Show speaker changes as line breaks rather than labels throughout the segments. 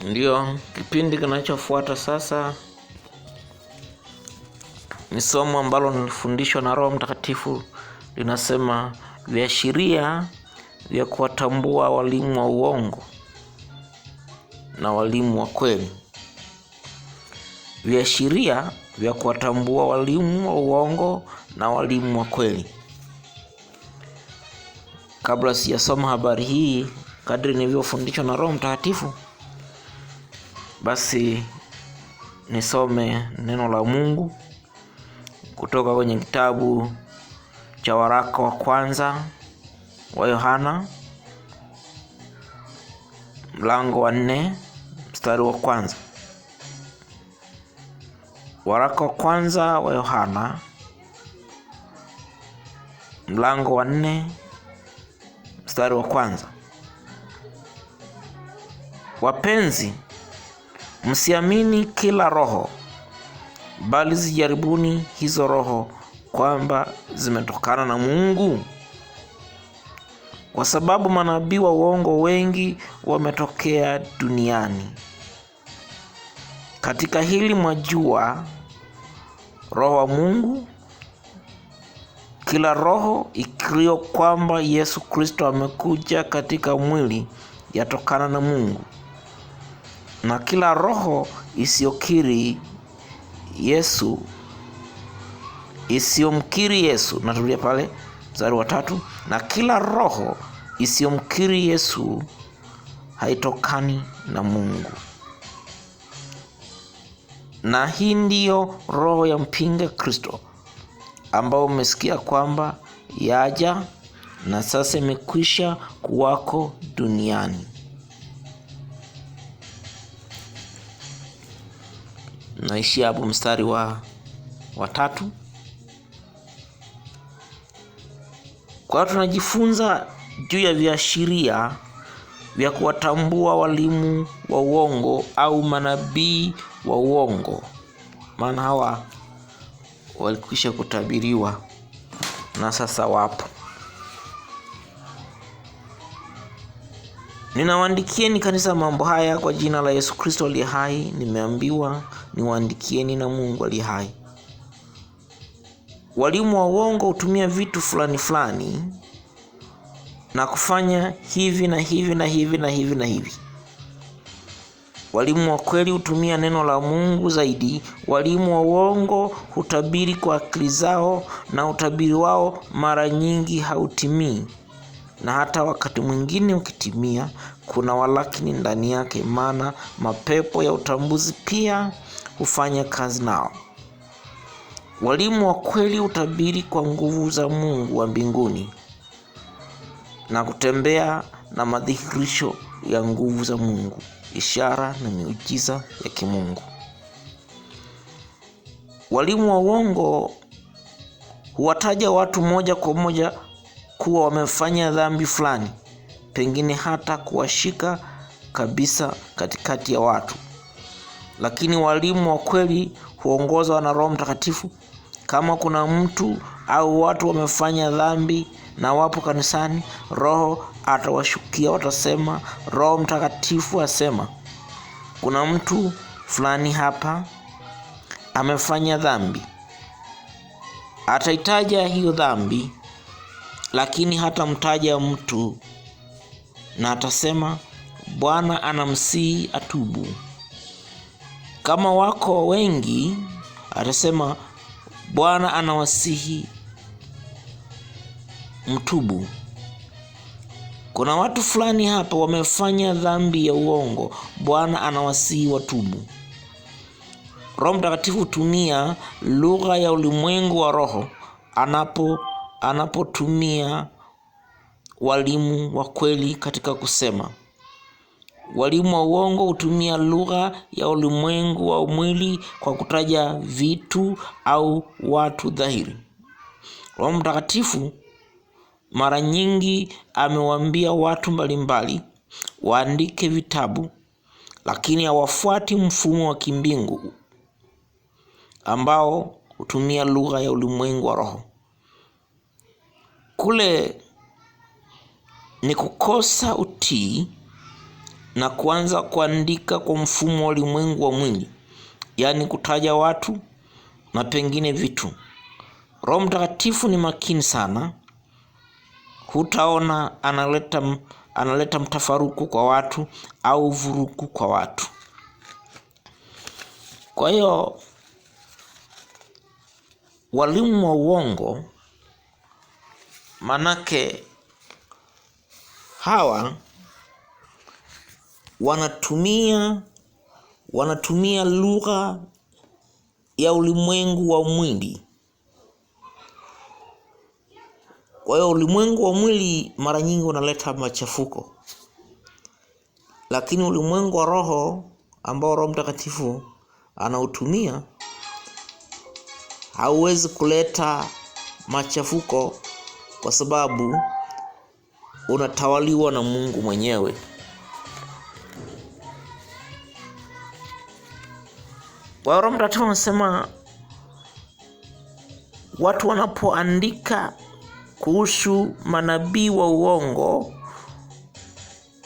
Ndio kipindi kinachofuata sasa ni somo ambalo nilifundishwa na Roho Mtakatifu, linasema viashiria vya kuwatambua walimu wa uongo na walimu wa kweli. Viashiria vya kuwatambua walimu wa uongo na walimu wa kweli. Kabla sijasoma habari hii, kadri nilivyofundishwa na Roho Mtakatifu basi nisome neno la Mungu kutoka kwenye kitabu cha waraka wa kwanza wa Yohana mlango wa nne mstari wa kwanza. Waraka wa kwanza wa Yohana mlango wa nne mstari wa kwanza. Wapenzi Msiamini kila roho, bali zijaribuni hizo roho kwamba zimetokana na Mungu, kwa sababu manabii wa uongo wengi wametokea duniani. Katika hili mwajua roho wa Mungu, kila roho ikrio kwamba Yesu Kristo amekuja katika mwili yatokana na Mungu na kila roho isiyokiri Yesu isiyomkiri Yesu, natulia pale mstari wa tatu, na kila roho isiyomkiri Yesu haitokani na Mungu, na hii ndiyo roho ya mpinga Kristo ambao umesikia kwamba yaja na sasa imekwisha kuwako duniani. naishia hapo mstari wa watatu. Kwa hiyo tunajifunza juu ya viashiria vya kuwatambua walimu wa uongo au manabii wa uongo, maana hawa walikwisha kutabiriwa na sasa wapo. Ninawaandikieni kanisa mambo haya kwa jina la Yesu Kristo aliye hai, nimeambiwa niwaandikieni na Mungu aliye hai. Walimu wa uongo hutumia vitu fulani fulani na kufanya hivi na hivi na hivi na hivi na hivi. Walimu wa kweli hutumia neno la Mungu zaidi. Walimu wa uongo hutabiri kwa akili zao, na utabiri wao mara nyingi hautimii na hata wakati mwingine ukitimia kuna walakini ndani yake, maana mapepo ya utambuzi pia hufanya kazi nao. Walimu wa kweli hutabiri kwa nguvu za Mungu wa mbinguni na kutembea na madhihirisho ya nguvu za Mungu, ishara na miujiza ya kimungu. Walimu wa uongo huwataja watu moja kwa moja kuwa wamefanya dhambi fulani, pengine hata kuwashika kabisa katikati ya watu. Lakini walimu wa kweli huongozwa na Roho Mtakatifu. Kama kuna mtu au watu wamefanya dhambi na wapo kanisani, Roho atawashukia, watasema, Roho Mtakatifu asema, kuna mtu fulani hapa amefanya dhambi. atahitaja hiyo dhambi lakini hatamtaja mtu na atasema Bwana anamsihi atubu. Kama wako wengi, atasema Bwana anawasihi mtubu. Kuna watu fulani hapa wamefanya dhambi ya uongo, Bwana anawasihi watubu. Roho Mtakatifu hutumia lugha ya ulimwengu wa roho anapo anapotumia walimu wa kweli katika kusema. Walimu wa uongo hutumia lugha ya ulimwengu wa mwili kwa kutaja vitu au watu dhahiri. Roho Mtakatifu mara nyingi amewaambia watu mbalimbali waandike vitabu, lakini hawafuati mfumo wa kimbingu ambao hutumia lugha ya ulimwengu wa roho. Kule ni kukosa utii na kuanza kuandika kwa mfumo wa ulimwengu wa mwili, yaani kutaja watu na pengine vitu. Roho Mtakatifu ni makini sana, hutaona analeta, analeta mtafaruku kwa watu au vurugu kwa watu. Kwa hiyo walimu wa uongo Manake hawa wanatumia wanatumia lugha ya ulimwengu wa mwili. Kwa hiyo ulimwengu wa mwili mara nyingi unaleta machafuko, lakini ulimwengu wa roho ambao Roho Mtakatifu anautumia hauwezi kuleta machafuko kwa sababu unatawaliwa na Mungu mwenyewe. Kwa Roho Mtakatifu anasema watu wanapoandika kuhusu manabii wa uongo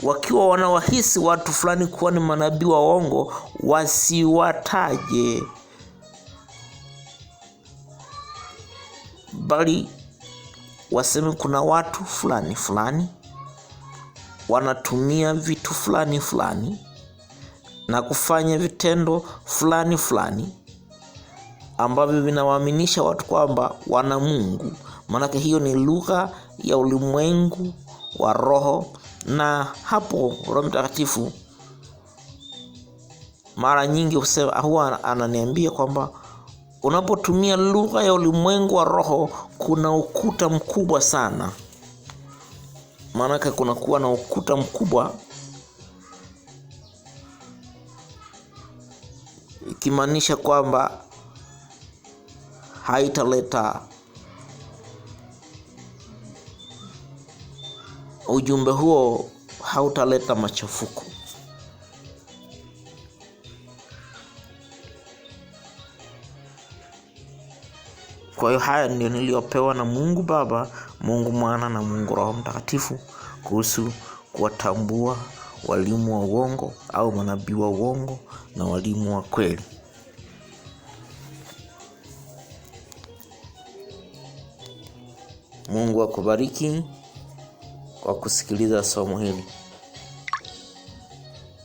wakiwa wanawahisi watu fulani kuwa ni manabii wa uongo, wasiwataje bali waseme kuna watu fulani fulani wanatumia vitu fulani fulani na kufanya vitendo fulani fulani ambavyo vinawaaminisha watu kwamba wana Mungu. Maanake hiyo ni lugha ya ulimwengu wa roho, na hapo Roho Mtakatifu mara nyingi husema, huwa ananiambia kwamba unapotumia lugha ya ulimwengu wa roho kuna ukuta mkubwa sana maanake kunakuwa na ukuta mkubwa ikimaanisha kwamba haitaleta ujumbe huo hautaleta machafuko Kwa hiyo haya ndio niliyopewa na Mungu Baba, Mungu Mwana na Mungu Roho Mtakatifu kuhusu kuwatambua walimu wa uongo au manabii wa uongo na walimu wa kweli. Mungu akubariki kwa kusikiliza somo hili.